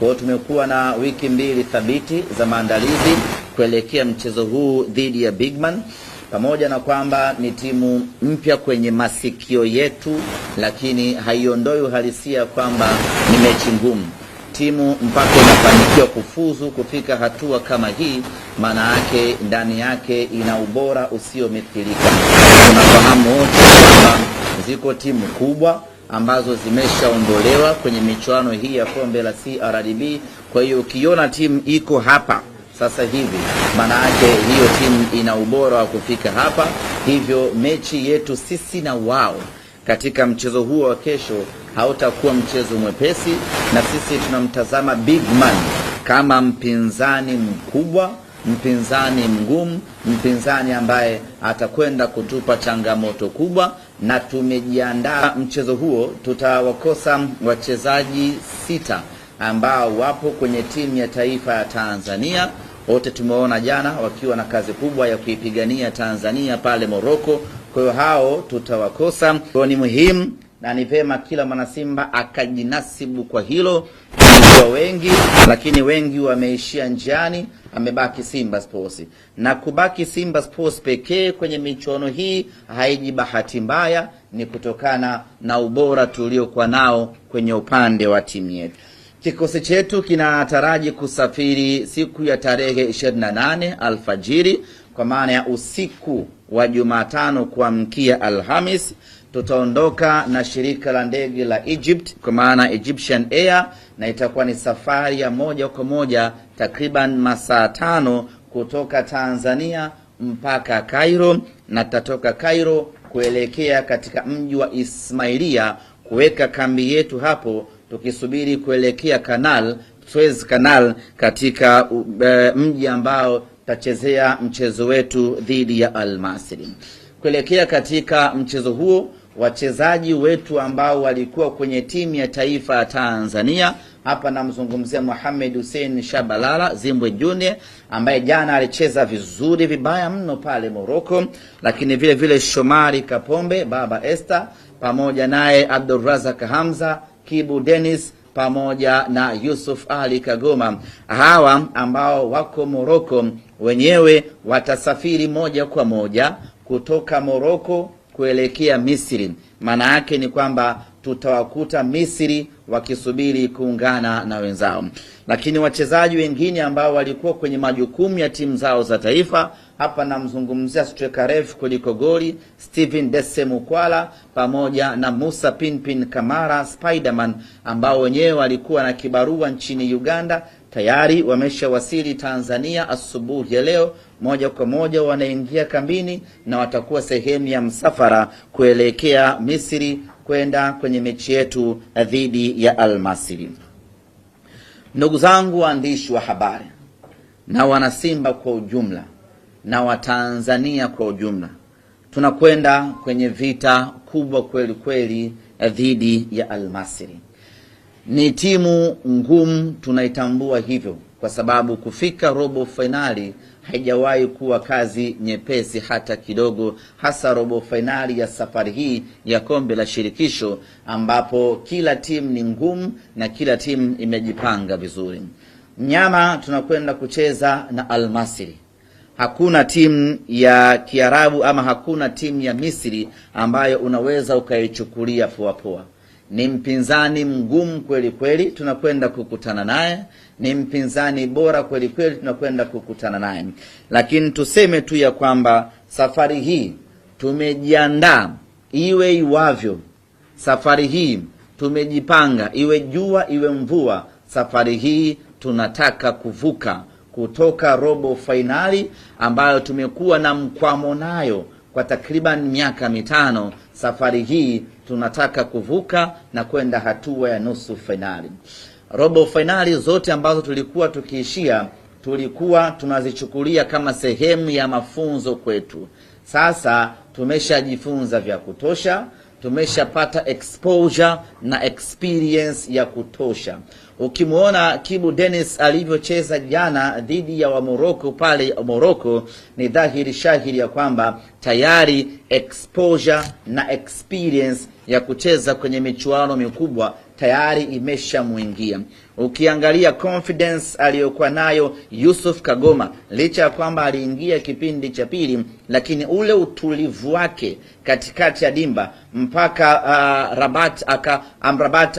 Kwa hiyo tumekuwa na wiki mbili thabiti za maandalizi kuelekea mchezo huu dhidi ya Bigman, pamoja na kwamba ni timu mpya kwenye masikio yetu, lakini haiondoi uhalisia kwamba ni mechi ngumu. Timu mpaka inafanikiwa kufuzu kufika hatua kama hii, maana yake ndani yake ina ubora usiomithilika. Tunafahamu wote kwamba ziko timu kubwa ambazo zimeshaondolewa kwenye michuano hii ya kombe la CRDB. Kwa hiyo ukiona timu iko hapa sasa hivi, maana yake hiyo timu ina ubora wa kufika hapa. Hivyo mechi yetu sisi na wao katika mchezo huo wa kesho hautakuwa mchezo mwepesi, na sisi tunamtazama big man kama mpinzani mkubwa, mpinzani mgumu, mpinzani ambaye atakwenda kutupa changamoto kubwa na tumejiandaa mchezo huo. Tutawakosa wachezaji sita ambao wapo kwenye timu ya taifa ya Tanzania. Wote tumeona jana wakiwa na kazi kubwa ya kuipigania Tanzania pale moroko Kwa hiyo hao tutawakosa, kwa ni muhimu na ni vema kila mwanasimba akajinasibu kwa hilo. Kwa wengi lakini wengi wameishia njiani, amebaki Simba Sports. Na kubaki Simba Sports pekee kwenye michuano hii haiji bahati mbaya, ni kutokana na ubora tuliokuwa nao kwenye upande wa timu yetu. Kikosi chetu kinataraji kusafiri siku ya tarehe 28 alfajiri, kwa maana ya usiku wa Jumatano kuamkia Alhamis tutaondoka na shirika la ndege la Egypt kwa maana Egyptian Air, na itakuwa ni safari ya moja kwa moja takriban masaa tano kutoka Tanzania mpaka Cairo, na tutatoka Cairo kuelekea katika mji wa Ismailia kuweka kambi yetu hapo, tukisubiri kuelekea Canal Suez Canal katika uh, mji ambao tachezea mchezo wetu dhidi ya Al Masry. Kuelekea katika mchezo huo wachezaji wetu ambao walikuwa kwenye timu ya taifa ya Tanzania. Hapa namzungumzia Mohamed Hussein Shabalala Zimbwe Junior ambaye jana alicheza vizuri vibaya mno pale Morocco, lakini vile vile Shomari Kapombe, Baba Esther pamoja naye Abdulrazak Hamza, Kibu Dennis pamoja na Yusuf Ali Kagoma, hawa ambao wako Morocco wenyewe watasafiri moja kwa moja kutoka Morocco kuelekea Misri. Maana yake ni kwamba tutawakuta Misri wakisubiri kuungana na wenzao, lakini wachezaji wengine ambao walikuwa kwenye majukumu ya timu zao za taifa, hapa namzungumzia striker kuliko goli Steven Dese Mukwala pamoja na Musa Pinpin Kamara Spiderman, ambao wenyewe walikuwa na kibarua nchini Uganda, tayari wameshawasili Tanzania asubuhi ya leo moja kwa moja wanaingia kambini na watakuwa sehemu ya msafara kuelekea Misri kwenda kwenye mechi yetu dhidi ya Al Ndugu zangu waandishi wa habari na wanasimba kwa ujumla na Watanzania kwa ujumla, tunakwenda kwenye vita kubwa kweli kweli dhidi ya Al Ni timu ngumu, tunaitambua hivyo, kwa sababu kufika robo fainali haijawahi kuwa kazi nyepesi hata kidogo, hasa robo fainali ya safari hii ya kombe la shirikisho ambapo kila timu ni ngumu na kila timu imejipanga vizuri. Mnyama tunakwenda kucheza na almasiri Hakuna timu ya Kiarabu ama hakuna timu ya Misri ambayo unaweza ukaichukulia poa poa. Ni mpinzani mgumu kweli kweli, tunakwenda kukutana naye ni mpinzani bora kweli kweli tunakwenda kukutana naye, lakini tuseme tu ya kwamba safari hii tumejiandaa iwe iwavyo. Safari hii tumejipanga iwe jua iwe mvua. Safari hii tunataka kuvuka kutoka robo fainali ambayo tumekuwa na mkwamo nayo kwa takriban miaka mitano. Safari hii tunataka kuvuka na kwenda hatua ya nusu fainali robo fainali zote ambazo tulikuwa tukiishia tulikuwa tunazichukulia kama sehemu ya mafunzo kwetu. Sasa tumeshajifunza vya kutosha, tumeshapata exposure na experience ya kutosha. Ukimwona Kibu Dennis alivyocheza jana dhidi ya Wamoroko pale Moroko, ni dhahiri shahiri ya kwamba tayari exposure na experience ya kucheza kwenye michuano mikubwa tayari imeshamwingia. Ukiangalia confidence aliyokuwa nayo Yusuf Kagoma, licha ya kwamba aliingia kipindi cha pili, lakini ule utulivu wake katikati ya dimba mpaka uh, Rabat aka Amrabat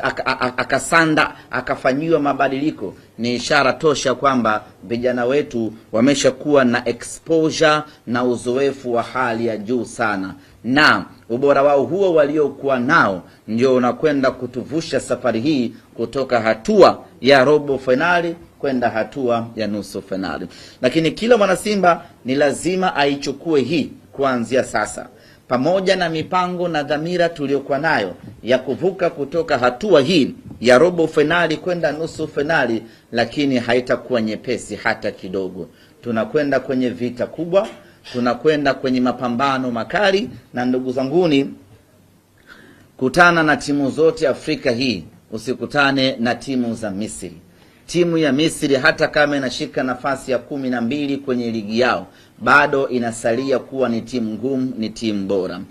akasanda aka, aka akafanyiwa mabadiliko ni ishara tosha kwamba vijana wetu wameshakuwa na exposure na uzoefu wa hali ya juu sana na ubora wao huo waliokuwa nao ndio unakwenda kutuvusha safari hii kutoka hatua ya robo fainali kwenda hatua ya nusu fainali. Lakini kila mwanasimba ni lazima aichukue hii kuanzia sasa, pamoja na mipango na dhamira tuliyokuwa nayo ya kuvuka kutoka hatua hii ya robo fainali kwenda nusu fainali, lakini haitakuwa nyepesi hata kidogo. Tunakwenda kwenye vita kubwa tunakwenda kwenye mapambano makali, na ndugu zanguni, kutana na timu zote Afrika hii, usikutane na timu za Misri. Timu ya Misri hata kama inashika nafasi ya kumi na mbili kwenye ligi yao bado inasalia kuwa ni timu ngumu, ni timu bora.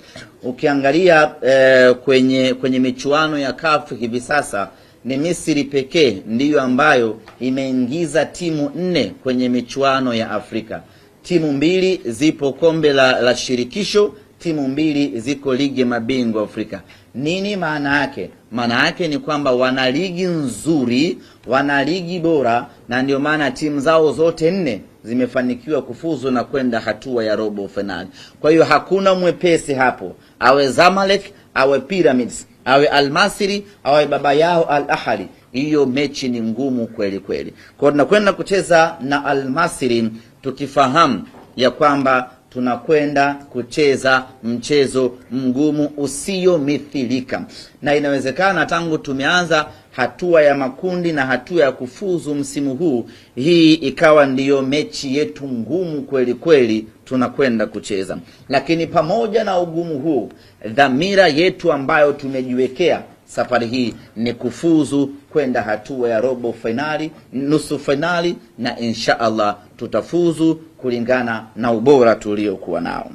Ukiangalia eh, kwenye kwenye michuano ya CAF hivi sasa ni Misri pekee ndiyo ambayo imeingiza timu nne kwenye michuano ya Afrika timu mbili zipo kombe la, la shirikisho, timu mbili ziko ligi ya mabingwa Afrika. Nini maana yake? Maana yake ni kwamba wana ligi nzuri, wana ligi bora, na ndio maana timu zao zote nne zimefanikiwa kufuzu na kwenda hatua ya robo fainali. Kwa hiyo hakuna mwepesi hapo, awe Zamalek, awe Pyramids, awe Almasiri, awe baba yao Al Ahli. Hiyo mechi ni ngumu kweli kweli. Kwa hiyo tunakwenda kucheza na Almasiri tukifahamu ya kwamba tunakwenda kucheza mchezo mgumu usiomithilika, na inawezekana tangu tumeanza hatua ya makundi na hatua ya kufuzu msimu huu, hii ikawa ndiyo mechi yetu ngumu kweli kweli tunakwenda kucheza. Lakini pamoja na ugumu huu, dhamira yetu ambayo tumejiwekea safari hii ni kufuzu kwenda hatua ya robo fainali, nusu fainali, na insha Allah tutafuzu kulingana na ubora tuliokuwa nao.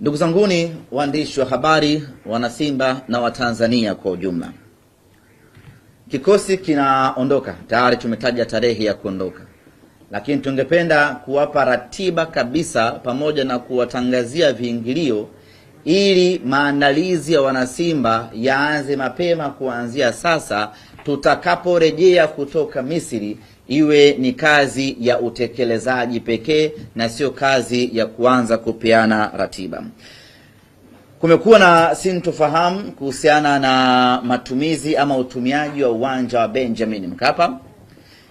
Ndugu zanguni, waandishi wa habari, wanasimba na Watanzania kwa ujumla, kikosi kinaondoka tayari, tumetaja tarehe ya kuondoka, lakini tungependa kuwapa ratiba kabisa pamoja na kuwatangazia viingilio ili maandalizi ya wanasimba yaanze mapema kuanzia sasa, tutakaporejea kutoka Misri iwe ni kazi ya utekelezaji pekee na sio kazi ya kuanza kupeana ratiba. Kumekuwa na sintofahamu kuhusiana na matumizi ama utumiaji wa uwanja wa Benjamin Mkapa.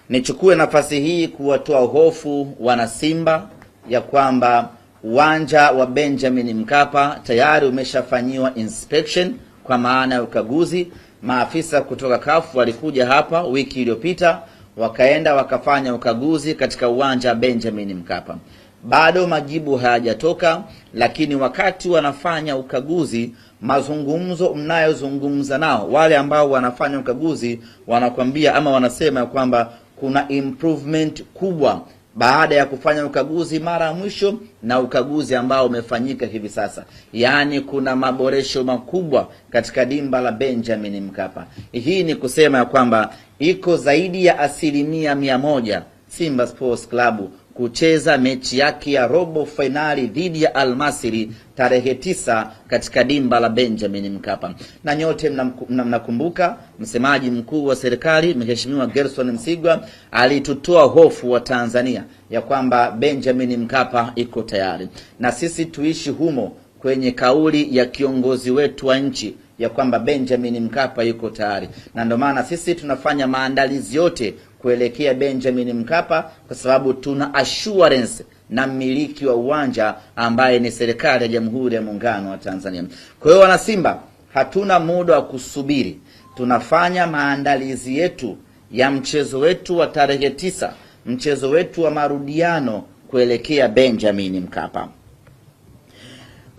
Nichukue nafasi hii kuwatoa hofu wanasimba ya kwamba uwanja wa Benjamin Mkapa tayari umeshafanyiwa inspection kwa maana ya ukaguzi. Maafisa kutoka CAF walikuja hapa wiki iliyopita, wakaenda wakafanya ukaguzi katika uwanja wa Benjamin Mkapa. Bado majibu hayajatoka, lakini wakati wanafanya ukaguzi, mazungumzo mnayozungumza nao wale ambao wanafanya ukaguzi wanakwambia ama wanasema kwamba kuna improvement kubwa baada ya kufanya ukaguzi mara ya mwisho na ukaguzi ambao umefanyika hivi sasa, yaani kuna maboresho makubwa katika dimba la Benjamin Mkapa. Hii ni kusema ya kwamba iko zaidi ya asilimia mia moja Simba Sports Club kucheza mechi yake ya robo fainali dhidi ya Almasiri tarehe tisa katika dimba la Benjamin Mkapa. Na nyote mnakumbuka mna, mna msemaji mkuu wa serikali Mheshimiwa Gerson Msigwa alitutoa hofu wa Tanzania ya kwamba Benjamin Mkapa iko tayari, na sisi tuishi humo kwenye kauli ya kiongozi wetu wa nchi ya kwamba Benjamin Mkapa yuko tayari, na ndio maana sisi tunafanya maandalizi yote kuelekea Benjamin Mkapa kwa sababu tuna assurance na mmiliki wa uwanja ambaye ni serikali ya Jamhuri ya Muungano wa Tanzania. Kwa hiyo wana Simba, hatuna muda wa kusubiri, tunafanya maandalizi yetu ya mchezo wetu wa tarehe tisa, mchezo wetu wa marudiano kuelekea Benjamin Mkapa.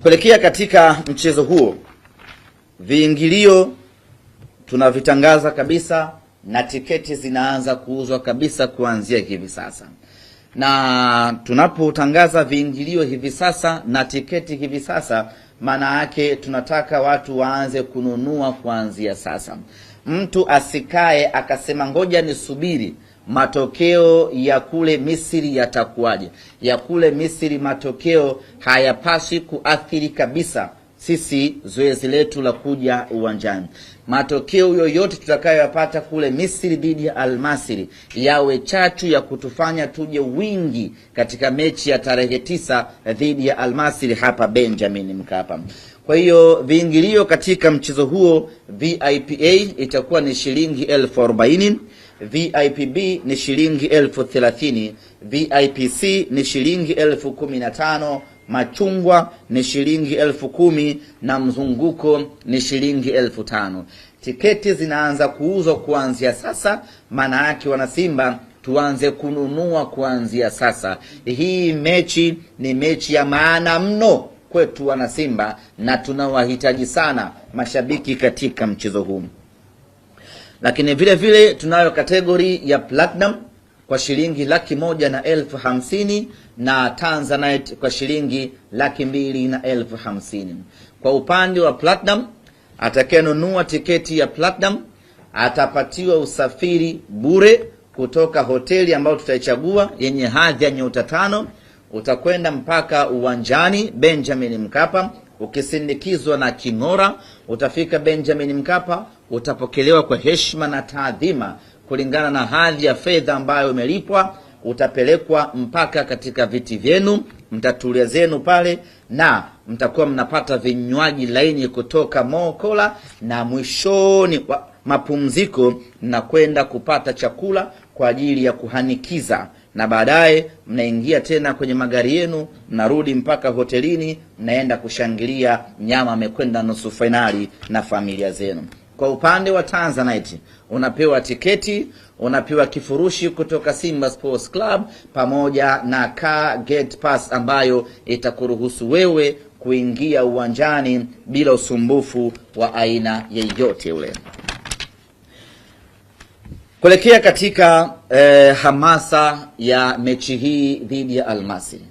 Kuelekea katika mchezo huo, viingilio tunavitangaza kabisa na tiketi zinaanza kuuzwa kabisa kuanzia hivi sasa, na tunapotangaza viingilio hivi sasa na tiketi hivi sasa, maana yake tunataka watu waanze kununua kuanzia sasa. Mtu asikae akasema ngoja nisubiri matokeo ya kule Misri yatakuwaje. Ya kule Misri matokeo hayapaswi kuathiri kabisa sisi zoezi letu la kuja uwanjani. Matokeo yoyote tutakayoyapata kule Misri dhidi ya Almasiri yawe chachu ya kutufanya tuje wingi katika mechi ya tarehe tisa dhidi ya Almasiri hapa Benjamin Mkapa. Kwa hiyo viingilio katika mchezo huo, VIPA itakuwa ni shilingi elfu arobaini, VIPB ni shilingi elfu thelathini, VIPC ni shilingi elfu kumi na tano machungwa ni shilingi elfu kumi na mzunguko ni shilingi elfu tano. Tiketi zinaanza kuuzwa kuanzia sasa, maana yake wanasimba tuanze kununua kuanzia sasa. Hii mechi ni mechi ya maana mno kwetu wanasimba, na tunawahitaji sana mashabiki katika mchezo huu, lakini vile vile tunayo kategori ya platinum kwa shilingi laki moja na elfu hamsini na Tanzanite kwa shilingi laki mbili na elfu hamsini. Kwa upande wa Platinum, atakayenunua tiketi ya Platinum atapatiwa usafiri bure kutoka hoteli ambayo tutaichagua yenye hadhi ya nyota tano. Utakwenda mpaka uwanjani Benjamin Mkapa ukisindikizwa na king'ora. Utafika Benjamin Mkapa, utapokelewa kwa heshima na taadhima kulingana na hadhi ya fedha ambayo imelipwa, utapelekwa mpaka katika viti vyenu, mtatulia zenu pale na mtakuwa mnapata vinywaji laini kutoka Mokola, na mwishoni wa mapumziko mnakwenda kupata chakula kwa ajili ya kuhanikiza, na baadaye mnaingia tena kwenye magari yenu, mnarudi mpaka hotelini, mnaenda kushangilia nyama amekwenda nusu fainali na familia zenu. Kwa upande wa Tanzanite unapewa tiketi, unapewa kifurushi kutoka Simba Sports Club pamoja na car gate pass ambayo itakuruhusu wewe kuingia uwanjani bila usumbufu wa aina yeyote ule. Kuelekea katika eh, hamasa ya mechi hii dhidi ya Almasi,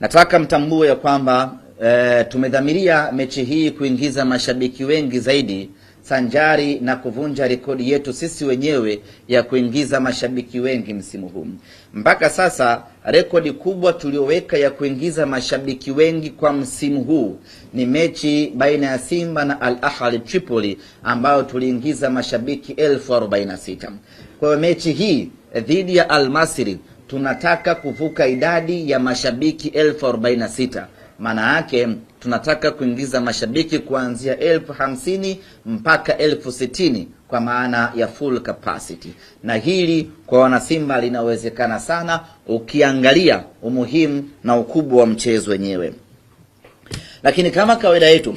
nataka mtambue ya kwamba eh, tumedhamiria mechi hii kuingiza mashabiki wengi zaidi sanjari na kuvunja rekodi yetu sisi wenyewe ya kuingiza mashabiki wengi msimu huu. Mpaka sasa rekodi kubwa tuliyoweka ya kuingiza mashabiki wengi kwa msimu huu ni mechi baina ya Simba na Al Ahli Tripoli ambayo tuliingiza mashabiki elfu arobaini na sita. Kwa hiyo mechi hii dhidi ya Al Masry tunataka kuvuka idadi ya mashabiki elfu arobaini na sita. Maana yake tunataka kuingiza mashabiki kuanzia elfu hamsini mpaka elfu sitini kwa maana ya full capacity, na hili kwa wanasimba linawezekana sana, ukiangalia umuhimu na ukubwa wa mchezo wenyewe. Lakini kama kawaida yetu,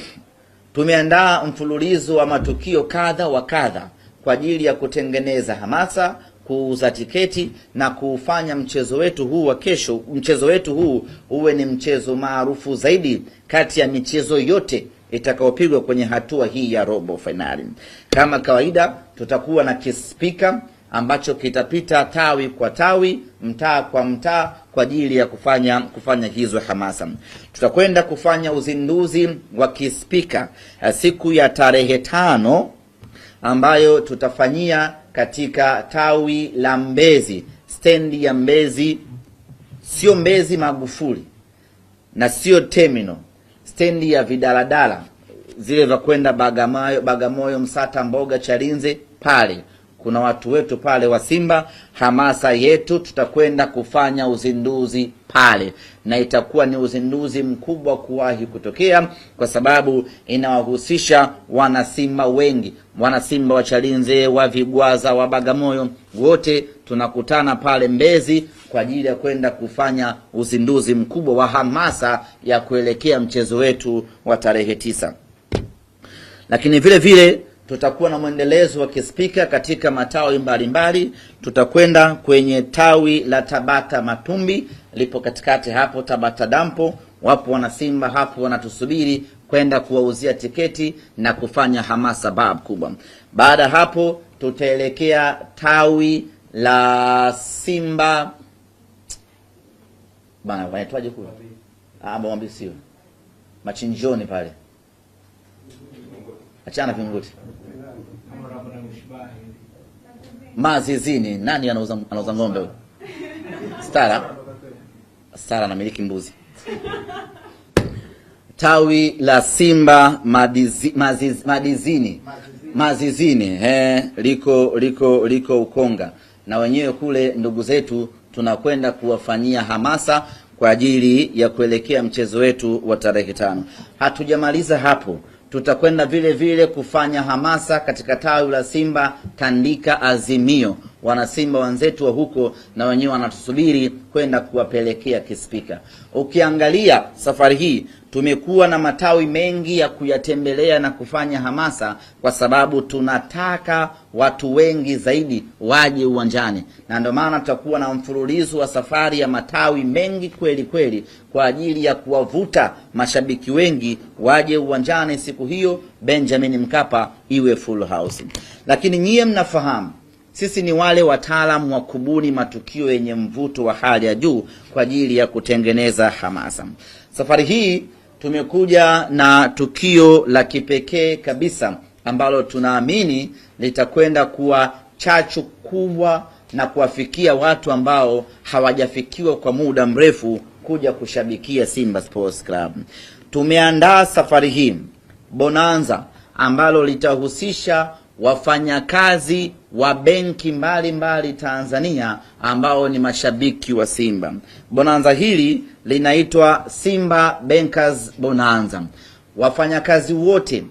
tumeandaa mfululizo wa matukio kadha wa kadha kwa ajili ya kutengeneza hamasa kuuza tiketi na kuufanya mchezo wetu huu wa kesho, mchezo wetu huu uwe ni mchezo maarufu zaidi kati ya michezo yote itakayopigwa kwenye hatua hii ya robo fainali. Kama kawaida, tutakuwa na kispika ambacho kitapita tawi kwa tawi, mtaa kwa mtaa kwa ajili ya kufanya kufanya hizo hamasa. Tutakwenda kufanya uzinduzi wa kispika siku ya tarehe tano ambayo tutafanyia katika tawi la Mbezi, stendi ya Mbezi, sio Mbezi Magufuli na sio terminal, stendi ya vidaladala zile za kwenda Bagamoyo, Bagamoyo, Msata, Mboga, Chalinze pale kuna watu wetu pale wa Simba, hamasa yetu, tutakwenda kufanya uzinduzi pale, na itakuwa ni uzinduzi mkubwa kuwahi kutokea, kwa sababu inawahusisha wanasimba wengi, wanasimba wa Chalinze, wa Vigwaza, wa Bagamoyo, wote tunakutana pale Mbezi kwa ajili ya kwenda kufanya uzinduzi mkubwa wa hamasa ya kuelekea mchezo wetu wa tarehe tisa, lakini vile vile tutakuwa na mwendelezo wa kispika katika matawi mbalimbali. Tutakwenda kwenye tawi la Tabata Matumbi, lipo katikati hapo Tabata Dampo. Wapo wanasimba hapo wanatusubiri kwenda kuwauzia tiketi na kufanya hamasa bab kubwa. Baada hapo tutaelekea tawi la Simba bana, wanaitwaje kule? Ah, machinjioni pale Achana vinguti mazizini. Nani anauza anauza ng'ombe huyo? Stara Stara anamiliki mbuzi. Tawi la Simba madizi, maziz, madizini mazizini eh, liko liko liko Ukonga, na wenyewe kule ndugu zetu tunakwenda kuwafanyia hamasa kwa ajili ya kuelekea mchezo wetu wa tarehe tano. Hatujamaliza hapo. Tutakwenda vile vile kufanya hamasa katika tawi la Simba Tandika Azimio wanasimba wenzetu wa huko na wenyewe wanatusubiri kwenda kuwapelekea kispika. Ukiangalia safari hii tumekuwa na matawi mengi ya kuyatembelea na kufanya hamasa, kwa sababu tunataka watu wengi zaidi waje uwanjani, na ndio maana tutakuwa na mfululizo wa safari ya matawi mengi kweli kweli, kwa ajili ya kuwavuta mashabiki wengi waje uwanjani siku hiyo Benjamin Mkapa iwe full house. Lakini nyie mnafahamu sisi ni wale wataalamu wa kubuni matukio yenye mvuto wa hali ya juu kwa ajili ya kutengeneza hamasa. Safari hii tumekuja na tukio la kipekee kabisa ambalo tunaamini litakwenda kuwa chachu kubwa na kuwafikia watu ambao hawajafikiwa kwa muda mrefu kuja kushabikia Simba Sports Club. Tumeandaa safari hii bonanza ambalo litahusisha wafanyakazi wa benki mbalimbali Tanzania ambao ni mashabiki wa Simba. Bonanza hili linaitwa Simba Bankers Bonanza. Wafanyakazi wote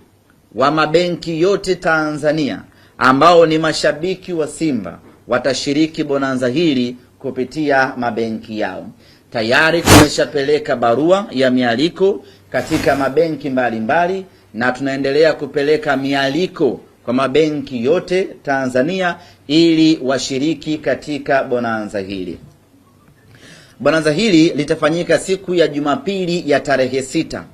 wa mabenki yote Tanzania ambao ni mashabiki wa Simba watashiriki bonanza hili kupitia mabenki yao. Tayari tumeshapeleka barua ya mialiko katika mabenki mbalimbali mbali, na tunaendelea kupeleka mialiko kwa mabenki yote Tanzania ili washiriki katika bonanza hili. Bonanza hili litafanyika siku ya Jumapili ya tarehe sita.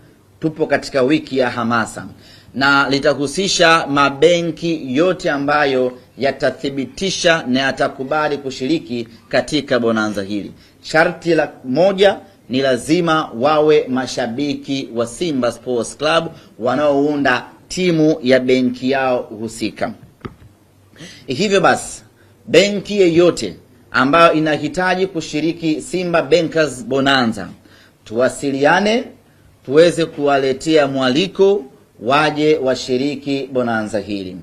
Tupo katika wiki ya hamasa na litahusisha mabenki yote ambayo yatathibitisha na yatakubali kushiriki katika bonanza hili. Sharti la moja ni lazima wawe mashabiki wa Simba Sports Club wanaounda timu ya benki yao husika. Hivyo basi benki yeyote ambayo inahitaji kushiriki Simba Bankers Bonanza, tuwasiliane tuweze kuwaletea mwaliko waje washiriki bonanza hili.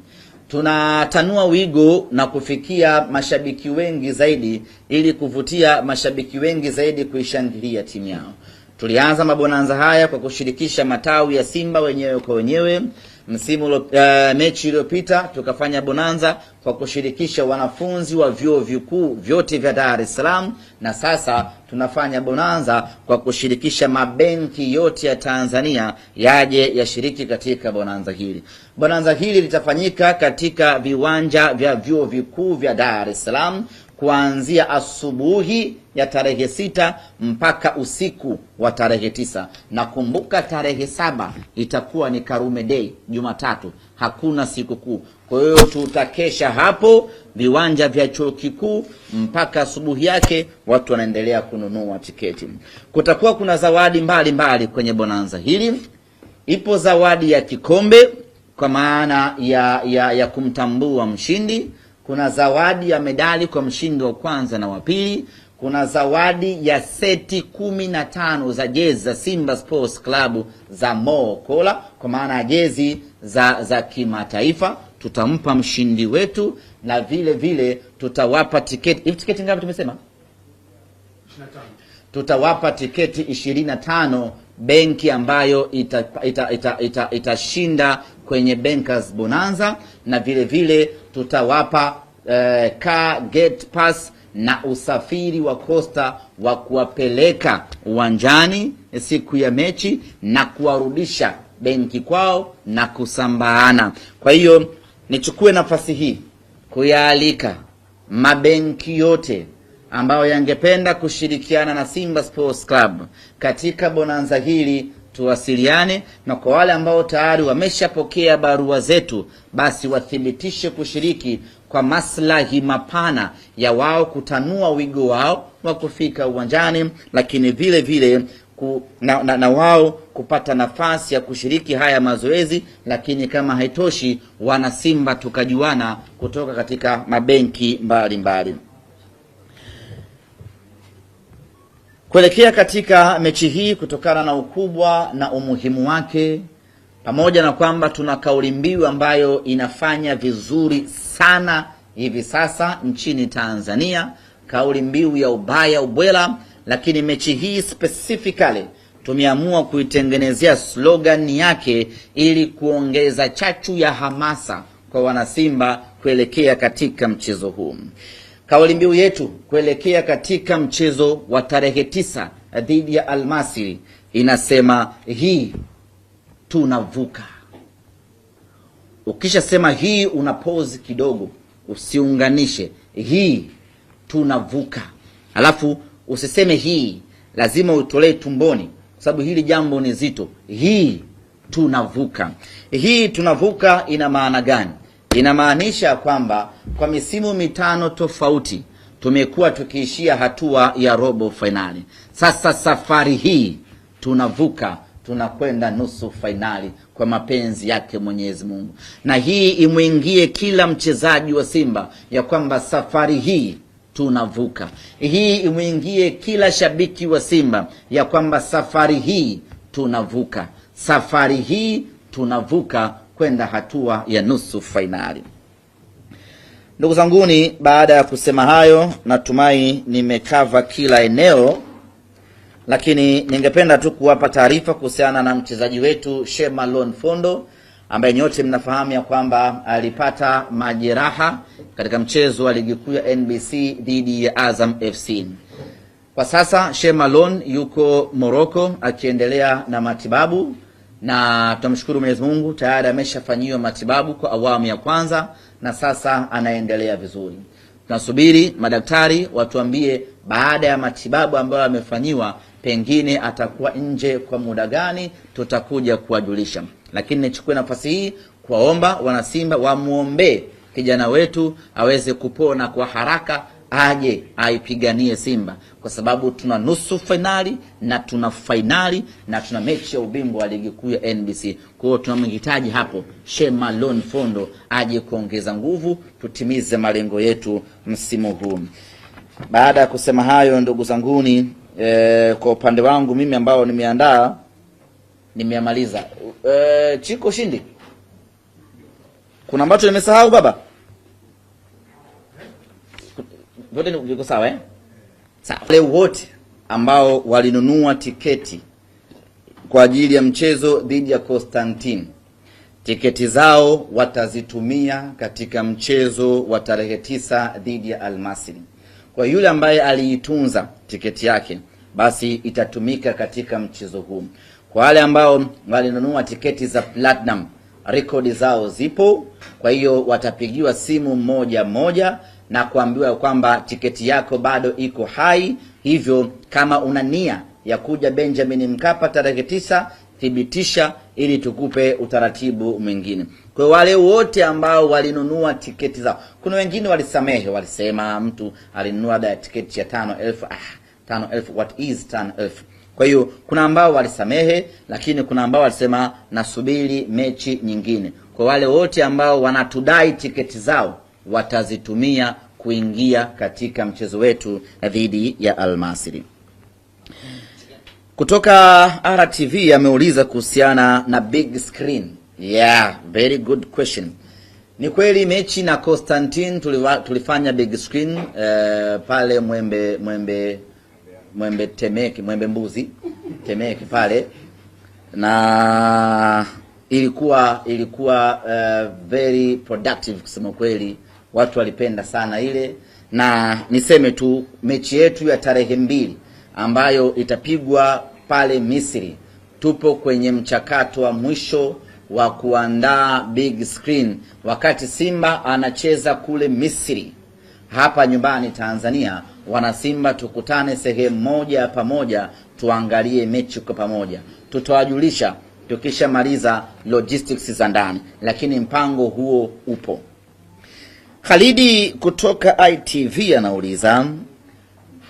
Tunatanua wigo na kufikia mashabiki wengi zaidi, ili kuvutia mashabiki wengi zaidi kuishangilia timu yao. Tulianza mabonanza haya kwa kushirikisha matawi ya Simba wenyewe kwa wenyewe. Msimu uh, mechi iliyopita tukafanya bonanza kwa kushirikisha wanafunzi wa vyuo vikuu vyote vya Dar es Salaam, na sasa tunafanya bonanza kwa kushirikisha mabenki yote ya Tanzania yaje yashiriki katika bonanza hili. Bonanza hili litafanyika katika viwanja vya vyuo vikuu vya Dar es Salaam kuanzia asubuhi ya tarehe sita mpaka usiku wa tarehe tisa. Na kumbuka tarehe saba itakuwa ni Karume Day, Jumatatu, hakuna sikukuu. Kwa hiyo tutakesha hapo viwanja vya chuo kikuu mpaka asubuhi yake, watu wanaendelea kununua tiketi. Kutakuwa kuna zawadi mbalimbali mbali kwenye bonanza hili. Ipo zawadi ya kikombe kwa maana ya, ya, ya kumtambua mshindi. Kuna zawadi ya medali kwa mshindi wa kwanza na wa pili. Kuna zawadi ya seti kumi na tano za jezi za Simba Sports Club za Mo Kola, kwa maana ya jezi za, za kimataifa tutampa mshindi wetu, na vile vile tutawapa tiketi. Hivi tiketi ngapi tumesema? 25. Tutawapa tiketi ishirini na tano benki ambayo itashinda ita, ita, ita, ita kwenye Bankers Bonanza na vile vile tutawapa eh, car gate pass na usafiri wa Costa wa kuwapeleka uwanjani siku ya mechi na kuwarudisha benki kwao na kusambaana. Kwa hiyo nichukue nafasi hii kuyaalika mabenki yote ambayo yangependa kushirikiana na Simba Sports Club katika bonanza hili tuwasiliane, na kwa wale ambao tayari wameshapokea barua zetu, basi wathibitishe kushiriki kwa maslahi mapana ya wao kutanua wigo wao wa kufika uwanjani, lakini vile vile ku, na, na, na wao kupata nafasi ya kushiriki haya mazoezi. Lakini kama haitoshi, wanasimba tukajuana kutoka katika mabenki mbalimbali mbali. Kuelekea katika mechi hii kutokana na ukubwa na umuhimu wake, pamoja na kwamba tuna kauli mbiu ambayo inafanya vizuri sana hivi sasa nchini Tanzania, kauli mbiu ya ubaya ubwela, lakini mechi hii specifically tumeamua kuitengenezea slogan yake ili kuongeza chachu ya hamasa kwa wanasimba kuelekea katika mchezo huu. Kauli mbiu yetu kuelekea katika mchezo wa tarehe tisa eh, dhidi ya almasiri inasema hii tunavuka. Ukishasema hii una pause kidogo, usiunganishe hii tunavuka, alafu usiseme hii, lazima utolee tumboni, kwa sababu hili jambo ni zito. Hii tunavuka, hii tunavuka ina maana gani? Inamaanisha kwamba kwa misimu mitano tofauti tumekuwa tukiishia hatua ya robo fainali. Sasa safari hii tunavuka, tunakwenda nusu fainali kwa mapenzi yake Mwenyezi Mungu, na hii imwingie kila mchezaji wa Simba ya kwamba safari hii tunavuka. Hii imwingie kila shabiki wa Simba ya kwamba safari hii tunavuka, safari hii tunavuka kwenda hatua ya nusu fainali. Ndugu zanguni, baada ya kusema hayo, natumai nimekava kila eneo, lakini ningependa tu kuwapa taarifa kuhusiana na mchezaji wetu Shema Lon Fondo ambaye nyote mnafahamu ya kwamba alipata majeraha katika mchezo wa ligi kuu ya NBC dhidi ya Azam FC. Kwa sasa Shema Lon yuko Morocco akiendelea na matibabu na tunamshukuru Mwenyezi Mungu tayari ameshafanyiwa matibabu kwa awamu ya kwanza na sasa anaendelea vizuri. Tunasubiri madaktari watuambie baada ya matibabu ambayo amefanyiwa, pengine atakuwa nje kwa muda gani, tutakuja kuwajulisha. Lakini nichukue nafasi hii kuwaomba Wanasimba wamwombee kijana wetu aweze kupona kwa haraka aje aipiganie Simba kwa sababu tuna nusu fainali na tuna fainali na tuna mechi ya ubingwa wa ligi kuu ya NBC. Kwa hiyo tunamhitaji hapo Shemalon Fondo aje kuongeza nguvu, tutimize malengo yetu msimu huu. Baada ya kusema hayo, ndugu zanguni, e, kwa upande wangu mimi ambao nimeandaa nimeamaliza. E, eh, Chiko Shindi, kuna ambacho nimesahau baba? Vyote niko sawa eh? Sawa. Wale wote ambao walinunua tiketi kwa ajili ya mchezo dhidi ya Constantine, tiketi zao watazitumia katika mchezo wa tarehe tisa dhidi ya Almasri. Kwa yule ambaye aliitunza tiketi yake, basi itatumika katika mchezo huu. Kwa wale ambao walinunua tiketi za platinum, rekodi zao zipo, kwa hiyo watapigiwa simu moja moja na kuambiwa kwamba tiketi yako bado iko hai, hivyo kama una nia ya kuja Benjamin Mkapa tarehe tisa thibitisha ili tukupe utaratibu mwingine. Kwa wale wote ambao walinunua tiketi zao, kuna wengine walisamehe, walisema mtu alinunua da tiketi ya tano elfu, ah, tano elfu, what is tano elfu? Kwa hiyo kuna ambao walisamehe, lakini kuna ambao walisema nasubiri mechi nyingine. Kwa wale wote ambao wanatudai tiketi zao watazitumia kuingia katika mchezo wetu dhidi ya Almasri. Kutoka RTV ameuliza kuhusiana na big screen. Yeah, very good question. Ni kweli mechi na Constantine tuliwa, tulifanya big screen uh, pale Mwembe Mwembe Mwembe Temeke, Mwembe Mbuzi Temeke pale na ilikuwa ilikuwa uh, very productive kusema kweli watu walipenda sana ile, na niseme tu mechi yetu ya tarehe mbili ambayo itapigwa pale Misri, tupo kwenye mchakato wa mwisho wa kuandaa big screen, wakati Simba anacheza kule Misri, hapa nyumbani Tanzania, wanasimba tukutane sehemu moja ya pamoja, tuangalie mechi kwa pamoja. Tutawajulisha tukishamaliza logistics za ndani, lakini mpango huo upo. Khalidi kutoka ITV anauliza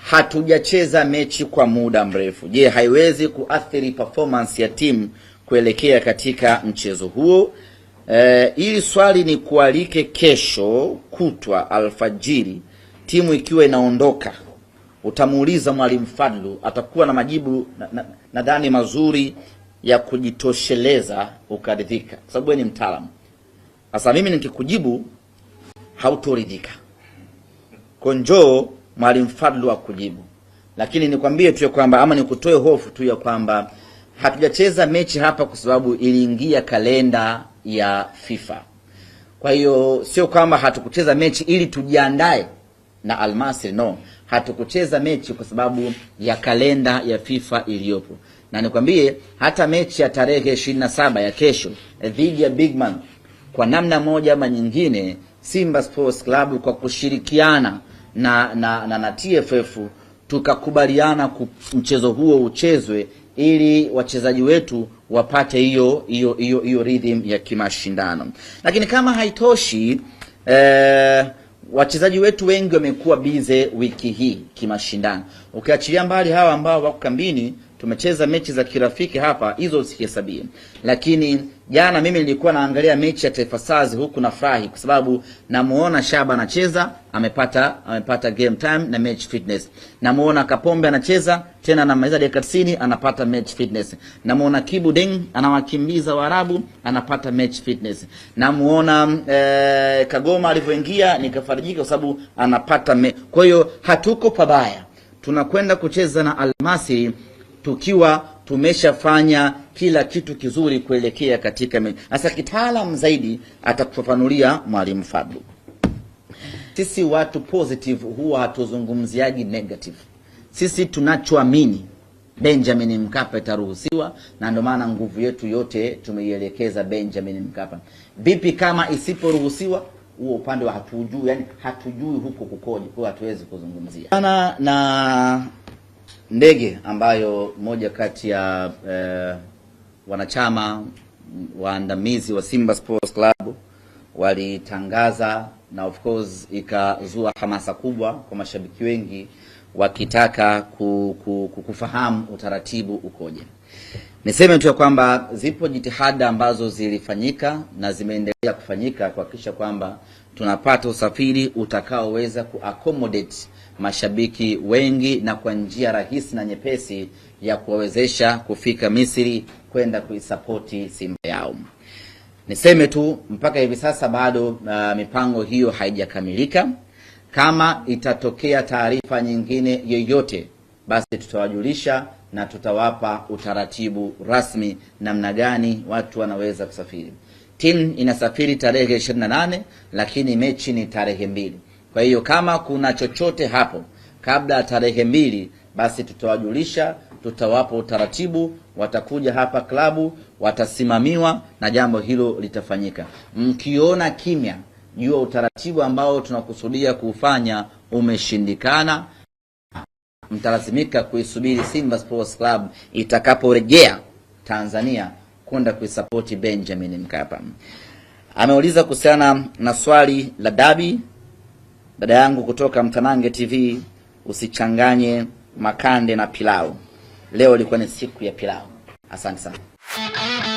hatujacheza mechi kwa muda mrefu, je, haiwezi kuathiri performance ya timu kuelekea katika mchezo huo? E, ili swali ni kualike kesho kutwa alfajiri, timu ikiwa inaondoka, utamuuliza mwalimu Fadlu, atakuwa na majibu nadhani na, na mazuri ya kujitosheleza ukaridhika, kwa sababu wewe ni mtaalamu. Sasa mimi nikikujibu hautoridhika. Kwa njoo Mwalimu Fadlu akujibu, lakini nikwambie tu kwamba ama nikutoe hofu tu ya kwamba hatujacheza mechi hapa kwa sababu iliingia kalenda ya FIFA. Kwa hiyo sio kwamba hatukucheza mechi ili tujiandae na Almasri, no, hatukucheza mechi kwa sababu ya kalenda ya FIFA iliyopo, na nikwambie hata mechi ya tarehe ishirini na saba ya kesho dhidi ya Bigman, kwa namna moja ama nyingine Simba Sports Club kwa kushirikiana na na, na, na TFF tukakubaliana mchezo huo uchezwe ili wachezaji wetu wapate hiyo hiyo hiyo hiyo rhythm ya kimashindano. Lakini kama haitoshi eh, wachezaji wetu wengi wamekuwa bize wiki hii kimashindano, ukiachilia mbali hawa ambao wako kambini tumecheza mechi za kirafiki hapa, hizo usihesabie. Lakini jana mimi nilikuwa naangalia mechi ya Taifa Stars huku na furahi kwa sababu namuona Shaba anacheza, amepata amepata game time na match fitness. Namuona Kapombe anacheza tena anamaliza dakika 90 anapata match fitness. Namuona Kibu Deng anawakimbiza Waarabu anapata match fitness. Namuona eh, Kagoma alivyoingia nikafarijika kwa sababu anapata. Kwa hiyo hatuko pabaya. Tunakwenda kucheza na Almasi tukiwa tumeshafanya kila kitu kizuri kuelekea katika sasa. Kitaalam zaidi atakufafanulia mwalimu Fadlu. Sisi watu positive huwa hatuzungumziaji negative. Sisi tunachoamini Benjamin Mkapa itaruhusiwa, na ndio maana nguvu yetu yote tumeielekeza Benjamin Mkapa. Vipi kama isiporuhusiwa? Huo upande wa hatujui, yani hatujui huko kukoje, kwa hatuwezi kuzungumzia na ndege ambayo moja kati ya eh, wanachama waandamizi wa Simba Sports Club walitangaza na of course ikazua hamasa kubwa kwa mashabiki wengi wakitaka ku, ku, ku, kufahamu utaratibu ukoje. Niseme tu ya kwamba zipo jitihada ambazo zilifanyika na zimeendelea kufanyika kuhakikisha kwamba tunapata usafiri utakaoweza kuaccommodate mashabiki wengi na kwa njia rahisi na nyepesi ya kuwawezesha kufika Misri kwenda kuisapoti Simba yao. Niseme tu mpaka hivi sasa bado uh, mipango hiyo haijakamilika. Kama itatokea taarifa nyingine yoyote, basi tutawajulisha na tutawapa utaratibu rasmi namna gani watu wanaweza kusafiri. Timu inasafiri tarehe 28 lakini mechi ni tarehe mbili. Kwa hiyo kama kuna chochote hapo kabla ya tarehe mbili, basi tutawajulisha, tutawapa utaratibu, watakuja hapa klabu, watasimamiwa na jambo hilo litafanyika. Mkiona kimya, jua utaratibu ambao tunakusudia kuufanya umeshindikana, mtalazimika kuisubiri Simba Sports Club itakaporejea Tanzania kwenda kuisapoti Benjamin Mkapa. Ameuliza kuhusiana na swali la dabi Dada yangu kutoka Mtanange TV, usichanganye makande na pilau. Leo ilikuwa ni siku ya pilau. Asante sana.